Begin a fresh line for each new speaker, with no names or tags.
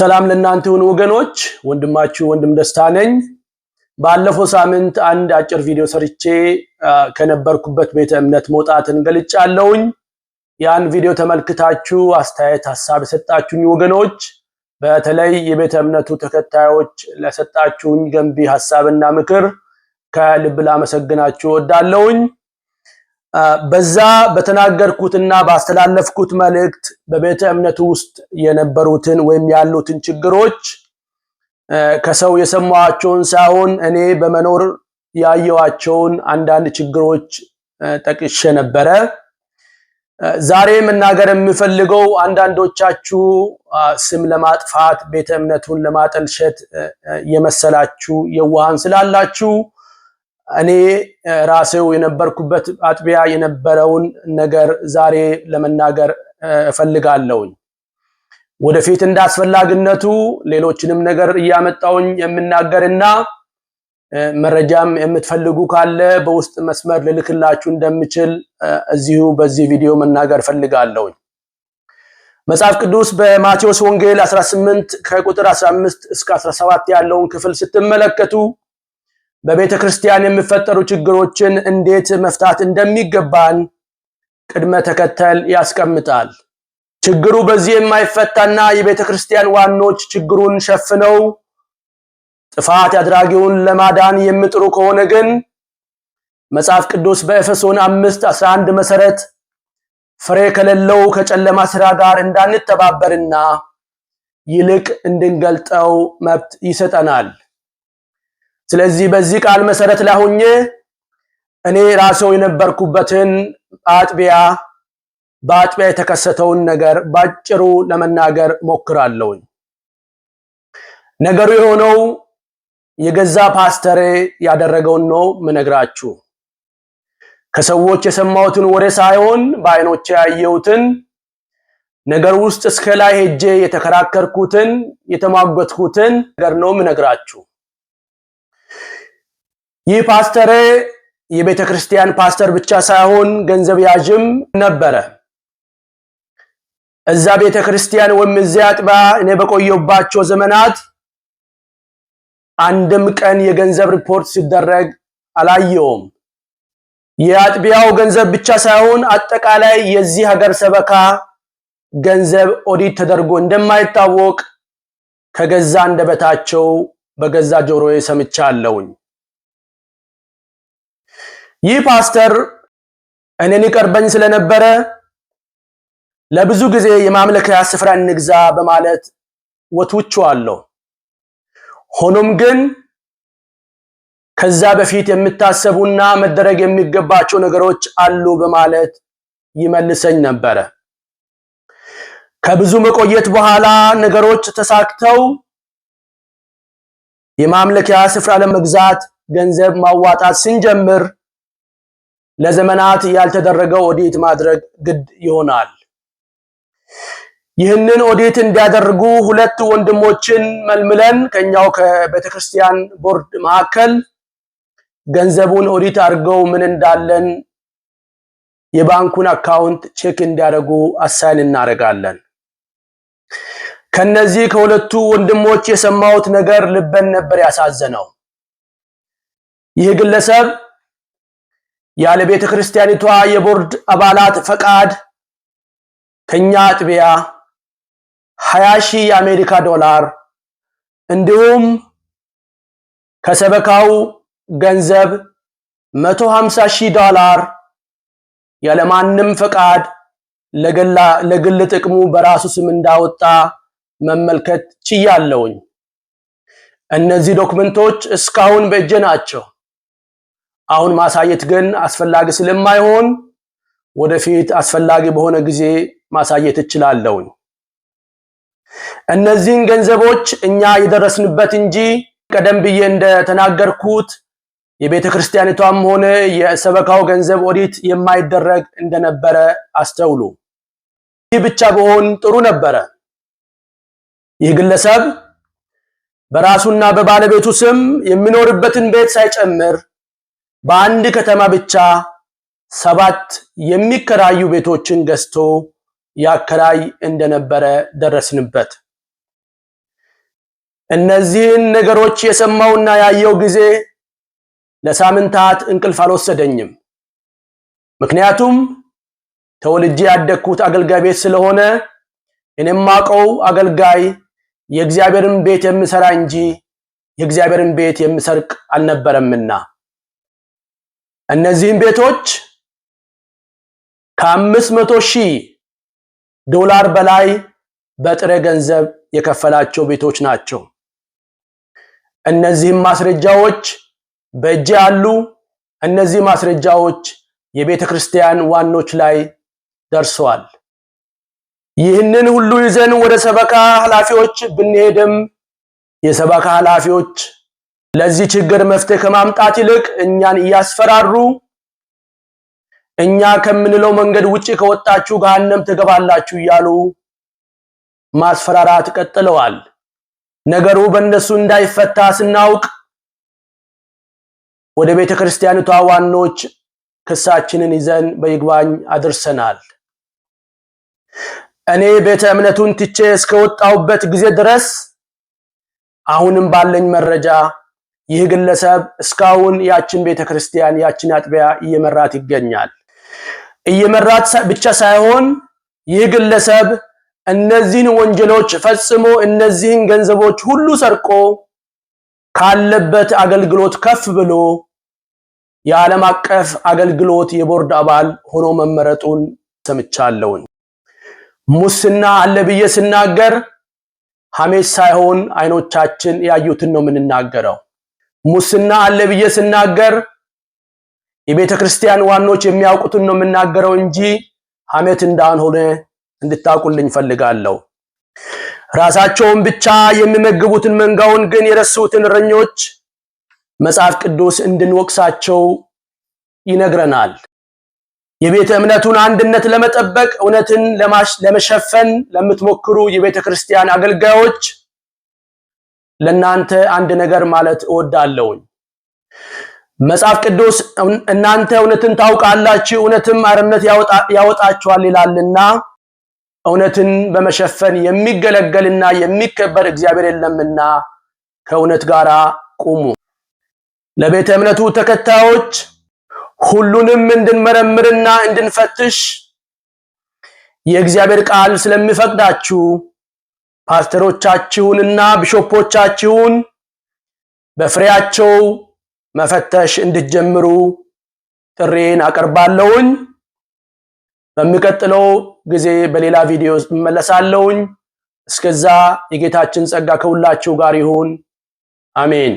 ሰላም ለእናንተ ይሁን ወገኖች፣ ወንድማችሁ ወንድም ደስታ ነኝ። ባለፈው ሳምንት አንድ አጭር ቪዲዮ ሰርቼ ከነበርኩበት ቤተ እምነት መውጣትን ገልጫለሁኝ። ያን ቪዲዮ ተመልክታችሁ አስተያየት፣ ሀሳብ የሰጣችሁኝ ወገኖች፣ በተለይ የቤተ እምነቱ ተከታዮች ለሰጣችሁኝ ገንቢ ሀሳብና ምክር ከልብ ላመሰግናችሁ እወዳለሁኝ። በዛ በተናገርኩትና ባስተላለፍኩት መልእክት በቤተ እምነቱ ውስጥ የነበሩትን ወይም ያሉትን ችግሮች ከሰው የሰማቸውን ሳይሆን እኔ በመኖር ያየዋቸውን አንዳንድ ችግሮች ጠቅሼ ነበረ። ዛሬ መናገር የምፈልገው አንዳንዶቻችሁ ስም ለማጥፋት ቤተ እምነቱን ለማጠልሸት የመሰላችሁ የዋሃን ስላላችሁ እኔ ራሴው የነበርኩበት አጥቢያ የነበረውን ነገር ዛሬ ለመናገር እፈልጋለሁኝ። ወደፊት እንዳስፈላጊነቱ ሌሎችንም ነገር እያመጣውኝ የምናገርና መረጃም የምትፈልጉ ካለ በውስጥ መስመር ልልክላችሁ እንደምችል እዚሁ በዚህ ቪዲዮ መናገር ፈልጋለሁኝ። መጽሐፍ ቅዱስ በማቴዎስ ወንጌል 18 ከቁጥር 15 እስከ 17 ያለውን ክፍል ስትመለከቱ በቤተ ክርስቲያን የሚፈጠሩ ችግሮችን እንዴት መፍታት እንደሚገባን ቅድመ ተከተል ያስቀምጣል። ችግሩ በዚህ የማይፈታና የቤተ ክርስቲያን ዋኖች ችግሩን ሸፍነው ጥፋት አድራጊውን ለማዳን የሚጥሩ ከሆነ ግን መጽሐፍ ቅዱስ በኤፌሶን 5:11 መሰረት ፍሬ ከሌለው ከጨለማ ስራ ጋር እንዳንተባበርና ይልቅ እንድንገልጠው መብት ይሰጠናል። ስለዚህ በዚህ ቃል መሰረት ላይ እኔ ራሴው የነበርኩበትን አጥቢያ በአጥቢያ የተከሰተውን ነገር ባጭሩ ለመናገር ሞክራለሁ። ነገሩ የሆነው የገዛ ፓስተሬ ያደረገውን ነው ምነግራችሁ። ከሰዎች የሰማሁትን ወሬ ሳይሆን በዓይኖቼ ያየሁትን ነገር ውስጥ እስከ ላይ ሄጄ የተከራከርኩትን የተሟገትኩትን ነገር ነው ምነግራችሁ። ይህ ፓስተር የቤተ ክርስቲያን ፓስተር ብቻ ሳይሆን ገንዘብ ያዥም ነበረ። እዛ ቤተ ክርስቲያን ወይም እዚያ አጥባ እኔ በቆየባቸው ዘመናት አንድም ቀን የገንዘብ ሪፖርት ሲደረግ አላየውም። የአጥቢያው ገንዘብ ብቻ ሳይሆን አጠቃላይ የዚህ ሀገር ሰበካ ገንዘብ ኦዲት ተደርጎ እንደማይታወቅ ከገዛ እንደበታቸው በገዛ ጆሮዬ ሰምቻለሁኝ። ይህ ፓስተር እኔን ይቀርበኝ ስለነበረ ለብዙ ጊዜ የማምለኪያ ስፍራ እንግዛ በማለት ወትውቼዋለሁ። ሆኖም ግን ከዛ በፊት የምታሰቡና መደረግ የሚገባቸው ነገሮች አሉ በማለት ይመልሰኝ ነበረ። ከብዙ መቆየት በኋላ ነገሮች ተሳክተው የማምለኪያ ስፍራ ለመግዛት ገንዘብ ማዋጣት ስንጀምር ለዘመናት ያልተደረገው ኦዲት ማድረግ ግድ ይሆናል። ይህንን ኦዲት እንዲያደርጉ ሁለት ወንድሞችን መልምለን ከኛው ከቤተክርስቲያን ቦርድ መካከል ገንዘቡን ኦዲት አድርገው ምን እንዳለን የባንኩን አካውንት ቼክ እንዲያደርጉ አሳይን እናደርጋለን። ከነዚህ ከሁለቱ ወንድሞች የሰማሁት ነገር ልበን ነበር ያሳዘነው። ይህ ግለሰብ ያለ ቤተ ክርስቲያኒቷ የቦርድ አባላት ፈቃድ ከኛ አጥቢያ 20 ሺህ የአሜሪካ ዶላር እንዲሁም ከሰበካው ገንዘብ 150 ሺህ ዶላር ያለማንም ፈቃድ ለግል ጥቅሙ በራሱ ስም እንዳወጣ መመልከት ችያለውኝ። እነዚህ ዶክመንቶች እስካሁን በእጄ ናቸው። አሁን ማሳየት ግን አስፈላጊ ስለማይሆን ወደፊት አስፈላጊ በሆነ ጊዜ ማሳየት እችላለሁ። እነዚህን ገንዘቦች እኛ የደረስንበት እንጂ ቀደም ብዬ እንደተናገርኩት የቤተ ክርስቲያኒቷም ሆነ የሰበካው ገንዘብ ኦዲት የማይደረግ እንደነበረ አስተውሉ። ይህ ብቻ በሆን ጥሩ ነበረ። ይህ ግለሰብ በራሱና በባለቤቱ ስም የሚኖርበትን ቤት ሳይጨምር በአንድ ከተማ ብቻ ሰባት የሚከራዩ ቤቶችን ገዝቶ ያከራይ እንደነበረ ደረስንበት። እነዚህን ነገሮች የሰማውና ያየው ጊዜ ለሳምንታት እንቅልፍ አልወሰደኝም። ምክንያቱም ተወልጄ ያደግኩት አገልጋይ ቤት ስለሆነ እኔም አውቀው አገልጋይ የእግዚአብሔርን ቤት የምሰራ እንጂ የእግዚአብሔርን ቤት የምሰርቅ አልነበረምና እነዚህም ቤቶች ከአምስት መቶ ሺህ ዶላር በላይ በጥሬ ገንዘብ የከፈላቸው ቤቶች ናቸው። እነዚህም ማስረጃዎች በእጅ ያሉ እነዚህ ማስረጃዎች የቤተ ክርስቲያን ዋኖች ላይ ደርሰዋል። ይህንን ሁሉ ይዘን ወደ ሰበካ ኃላፊዎች ብንሄድም የሰበካ ኃላፊዎች ለዚህ ችግር መፍትሄ ከማምጣት ይልቅ እኛን እያስፈራሩ እኛ ከምንለው መንገድ ውጪ ከወጣችሁ ገሃነም ትገባላችሁ እያሉ ማስፈራራት ቀጥለዋል። ነገሩ በእነሱ እንዳይፈታ ስናውቅ ወደ ቤተ ክርስቲያኒቷ ዋኖች ክሳችንን ይዘን በይግባኝ አድርሰናል። እኔ ቤተ እምነቱን ትቼ እስከወጣሁበት ጊዜ ድረስ አሁንም ባለኝ መረጃ ይህ ግለሰብ እስካሁን ያችን ቤተክርስቲያን ያችን አጥቢያ እየመራት ይገኛል። እየመራት ብቻ ሳይሆን ይህ ግለሰብ እነዚህን ወንጀሎች ፈጽሞ እነዚህን ገንዘቦች ሁሉ ሰርቆ ካለበት አገልግሎት ከፍ ብሎ የዓለም አቀፍ አገልግሎት የቦርድ አባል ሆኖ መመረጡን ሰምቻለሁኝ። ሙስና አለ ብዬ ስናገር ሐሜት ሳይሆን አይኖቻችን ያዩትን ነው የምንናገረው። ሙስና አለ ብዬ ስናገር የቤተ ክርስቲያን ዋኖች የሚያውቁትን ነው የምናገረው እንጂ ሐሜት እንዳልሆነ እንድታውቁልኝ ፈልጋለሁ። ራሳቸውን ብቻ የሚመግቡትን መንጋውን ግን የረሱትን እረኞች መጽሐፍ ቅዱስ እንድንወቅሳቸው ይነግረናል። የቤተ እምነቱን አንድነት ለመጠበቅ እውነትን ለመሸፈን ለምትሞክሩ የቤተ ክርስቲያን አገልጋዮች ለእናንተ አንድ ነገር ማለት እወዳለሁኝ። መጽሐፍ ቅዱስ እናንተ እውነትን ታውቃላችሁ፣ እውነትም አርነት ያወጣችኋል ይላልና እውነትን በመሸፈን የሚገለገልና የሚከበር እግዚአብሔር የለምና ከእውነት ጋር ቁሙ። ለቤተ እምነቱ ተከታዮች ሁሉንም እንድንመረምርና እንድንፈትሽ የእግዚአብሔር ቃል ስለሚፈቅዳችሁ ፓስተሮቻችሁንና ቢሾፖቻችሁን በፍሬያቸው መፈተሽ እንድትጀምሩ ጥሬን አቀርባለሁኝ። በሚቀጥለው ጊዜ በሌላ ቪዲዮ እመለሳለሁኝ። እስከዛ የጌታችን ጸጋ ከሁላችሁ ጋር ይሁን። አሜን።